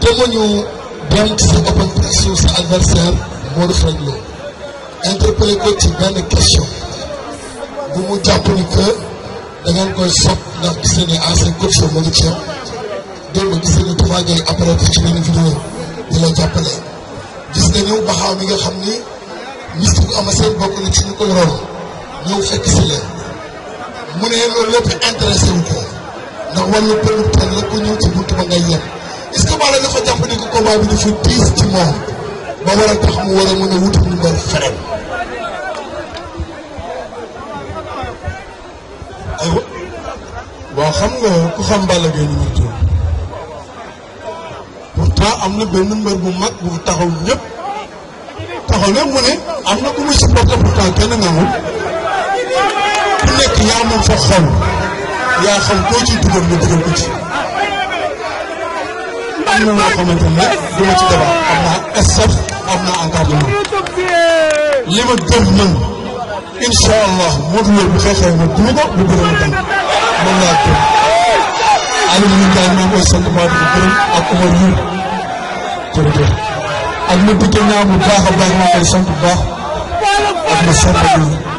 demuñu denc sa open press sa adversaire Modou Xarañ Lo interpellé ko ci benn question bu mu jàpp ni que da koy sopp ndax gis ne ancien coach moo ngi ci yow démb gis nañ ne Touba Gueye apparaître ci benn vidéo la jàppale gis nañu baxaaw yi nga xam ni mystique bu seen bokk na ci ñu ko yoroon ñëw fekk si leen mu ne loolu lépp intéressé wu ko. ndax wàllu producteur la am na benn mbër bu mag bu taxaw ñëpp taxaw na mu ne am na ku muy supporté pourtant kenn nga ku nekk yaa moom sa xol. yaa xam koo ciy dugal nga dugal ko ci. am na loo xamante ne nag du ma ci débat am naa staff am naa encadrement li ma gëm man incha allah Modou Lo bu xeexee ma duma ko bu bëri ma daan moom laa gëm Aliou ñu daal maa ngi koy sant maa ngi gërëm ak Omar Youm jërëjëf ak ma dikkee naa bu baax a baax ma koy sant bu baax ak ma sant